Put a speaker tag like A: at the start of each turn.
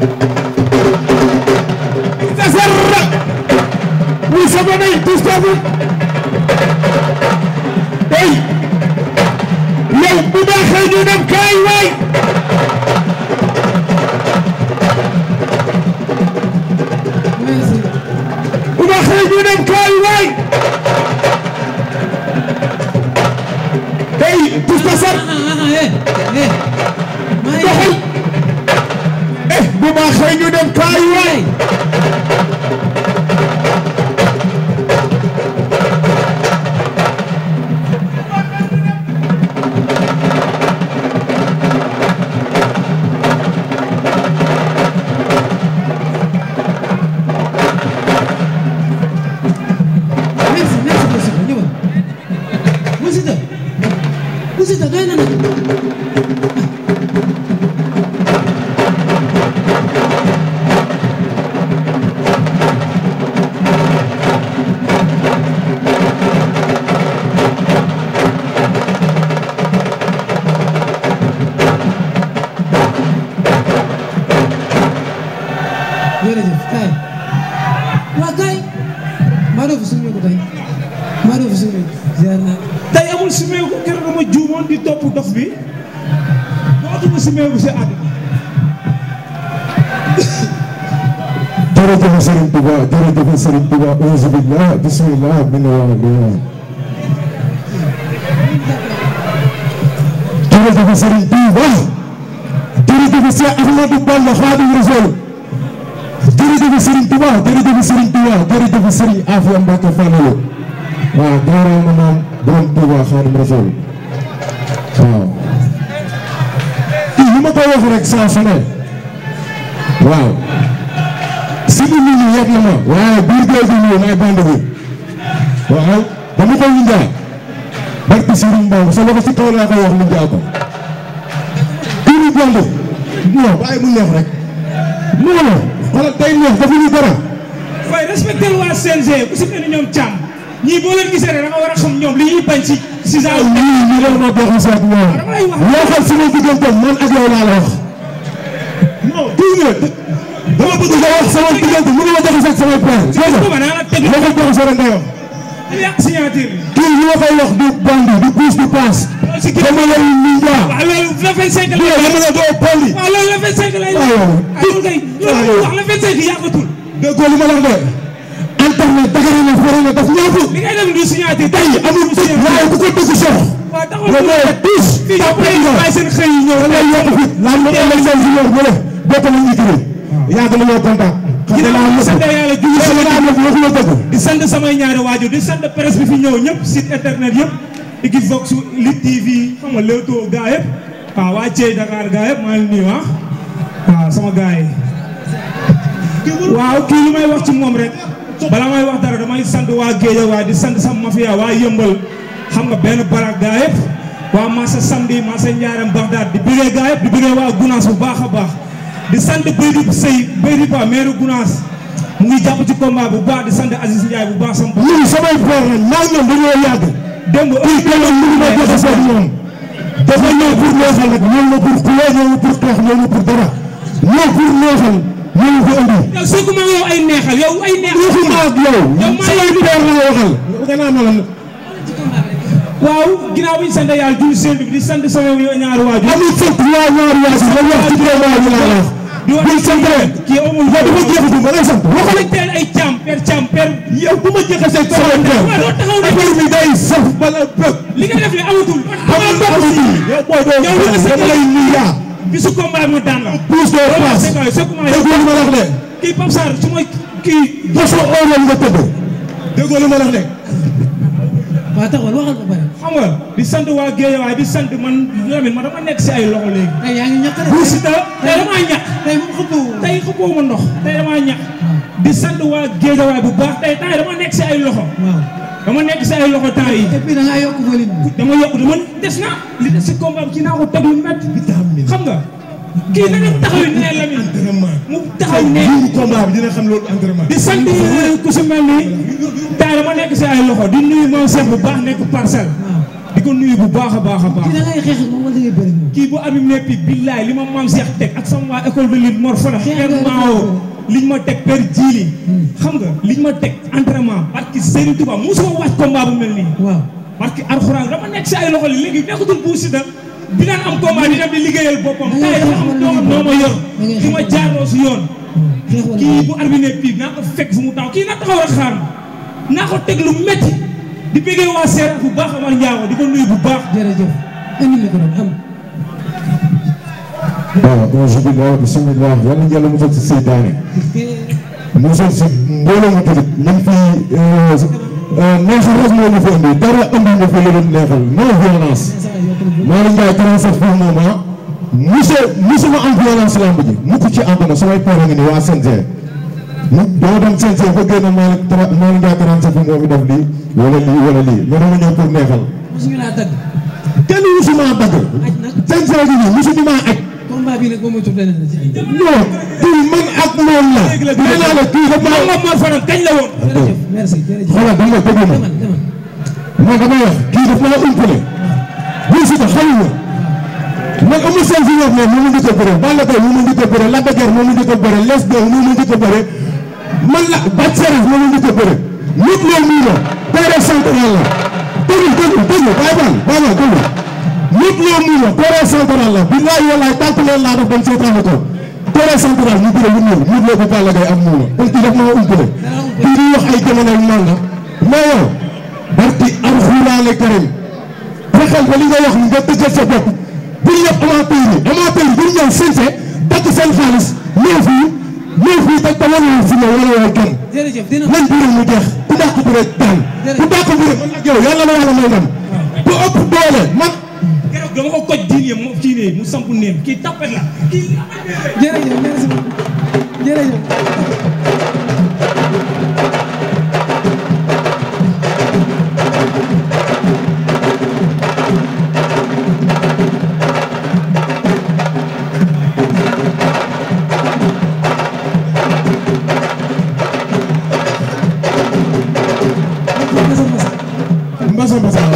A: Thank you.
B: maa def suñu ziar naa tey amul simeeku keroog dama juumoon di topp dof bi dootuma simeeku si àddina.
A: jërëjëf Serigne Touba jërëjëf Serigne Touba auzu billah bismillah min rahmaan jërëjëf Serigne Touba jërëjëf Cheikh Ahmadou Bamba Khadimu Rasul jërëjëf Serigne Touba jërëjëf Serigne Touba jërëjëf Serigne Afia Mbacke Fallou waaw daaral na maam borom Tuuba Xaadim Rasuul waaw li ma koy wax rek saa su ne waaw si bi nit yet na ma waaye biir géej gi ñëw may band bi waaw dama koy rek non non
B: xoolal day neex dafa ñu waaye respecté waa CNG bu si mel ni ñoom Thiam ñii boo leen gisee ne da nga war a xam ñoom li ñuy bañ ci si saa yi. lii lii ma bokk si ak ñoom. loo xam suñu diggante man ak yow laa la wax. dégg nga dama bëgg nga wax sama diggante mu ngi ma joxe sama point. dégg nga loo ko joxe sa rënd yow. kii li ma koy wax du bandi du puus du paas. dama yow nii waaw. la 25 lay wax dama la doo bandi. waaw loolu la 25 lay wax. aywa aywa aywa wax la 25 yàggatul. déggoo li ma la wax de. ne dëgëral na fële na daf ñaatu. li ngay def du signature tey amul tëj waaye ku ko dëgg sox.
A: waaw taxul ma
B: ëllëg seen si ñëw bële bokk nañ ñu kii. di sant samay ñaari waajur di sant presse bi fi ñëw ñëpp site internet yëpp di gis Vox Lit TV xam nga Leewtoo gaa yëpp waaw waa Thiès Dakar gaa yëpp maa ngi nuyu ah. sama gaa yi waaw kii lu may wax ci moom rek bala may wax dara damay sant waa Géejawaay di sant sama mafia waa yëmbal xam nga benn barak gaa yëpp waa Massa Samedi Massa Ndiarème Bagdad di bëggee gaa di bëggee waa Gunaas bu baax a baax di sant Béykat Seye Béykat Ba maire Gunaas mu ngi jàpp ci combat bu baax di sant Aziz Ndiaye bu baax sama. ñun samay frère lañ maa ngi ñoom dañoo yàgg. démb ëllëg démb ñu ngi may joxe seen ñoom. dafa ñëw pour neexal rek
A: pour xuloo ñëw na pour dara ñëw pour neexal. ñoo ko indi. yow sëggu
B: ma yow ay neexal yow ay neexal. yow maa ak yow. yow maa yow di la waxal. gannaaw ma lan. waaw ginnaaw bi ñu sant yàlla julli seen bi di sant sama ñaari waajur. amul sant ñaar ñaari waajur ba wax ci biir waajur laa wax. di wax di sant rek kii amul yow dafa jeexatul ba ngay sant. waxal ak teel ay càmm per càmm per. yow bu ma jeexasee sama kër. waaw doo taxaw rek affaire bi day saf bala bëgg. li nga def ne amatul. amatul amatul yow li nga sëñ bi yow ki su combat bi mu daan la. pousse de passe déggoo li ma la wax de. kii Pape Sarr su ma kii. dafa oowal nga tëdd. ma la de. sant waa sant man Lamine ma dama nekk si ay loxo léegi. tey yaa tey damaa ñàkk. tey mu xëppoo tey xëppoo ma ndox. tey damaa ñàkk. di sant waa Guédiawaye bu baax tey tey dama nekk si ay loxo. dama nekk sa ay loxo temps yi. da ngaa yokk volume dama yokk du man des na li des si combat bi ci naa ko teg lu métti. xam nga kii na nga taxawee nee la mu taxaw nee di sant ku si mel ni tay dama nekk si ay loxo di nuyu moom chef bu baax nekk parcelle. di ko nuyu bu baax a baax a baax. kii da ngay xeex moom wala ngay bëri moom. kii a abim nekk billaay li ma a Cheikh teg ak sama waa école liñ ma teg per jiili xam nga liñ ma teg entraînement barki Serigne Touba mosuma wàcc combat bu mel nii waaw barki alxuraan dama nekk si ay loxo li léegi nekkatul bu si da liggéeyal boppam tay dafa am doomam noo ma bi naa ko fekk fu mu taw kii na taxaw rek xaar naa ko teg lu metti di bëggee waa seera bu baax Amar Ndiago di ko nuyu bu baax jërëjëf
A: auzu billaahi bismillah yàlla yàlla musal mu tudd euh, euh, ci ànd waa CNG mu doo
B: dem maa aj. rek ba mu tur leneen la ci ay. non kii man ak moom la. dëgg la dëgg la la kii ko moom moo faral kañ la woon. merci jërëjëf
A: xoolal si tax xamu ma. man amul seen fi ñor moom a ngi ko bëre Balla Gaye mu ngi ko bëre Lac de Guiers mu ngi ko bëre Les mu ngi ko bëre man la Bac Seras mu ngi ko bëre. nit loolu nii la. dara sant yàlla. déglu déglu déglu lépp loo mu la terrain central la billaay wallaay tànk leen laa def dem seetaanu ko terrain central ñu bëre lu ñuul ñu loo bu Balla Gaye am muuma kon kii daf maa umpale kii di wax ay jamono yu mànga mais yow barki alxuraane karim fexeel ba li nga wax nga tëjal sa bopp bu ñu yëpp amateur yi amateur yi bu ñu ñëw sensé dagg seen xaalis ñëw fii ñëw fii teg te wanewul
B: si ne wanewul kenn nañ bëre mu jeex ku dàq bëre daan ku dàq bëre yow yàlla la yàlla may ndam ku ëpp doole man dama ko koj diine mu diine mu sampu neen kii tapet la kii. jërëjëf merci beaucoup jërëjëf.
A: Mbasa Mbasa